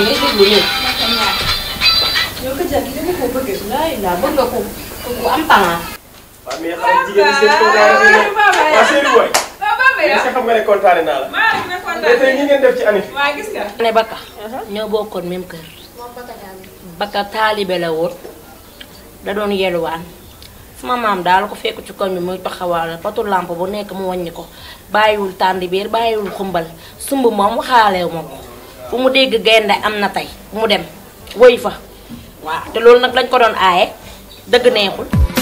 bàyyi ngay déglu leen. ngeen def ci ani fi. Bakka. ñoo bokkoon même kër. Bakka taalibe la woon. da doon yelwaan sama maam daal ko fekk ci koñ bi muy taxawaal patu làmp bu nekk mu wàññi ko bàyyiwul tàndibeer bàyyiwul xumbal sumb moom waxaalew ma ko. fu mu dégg gaynde am na tey mu dem woy fa waaw te loolu nag lañ ko doon aaye dëgg neexul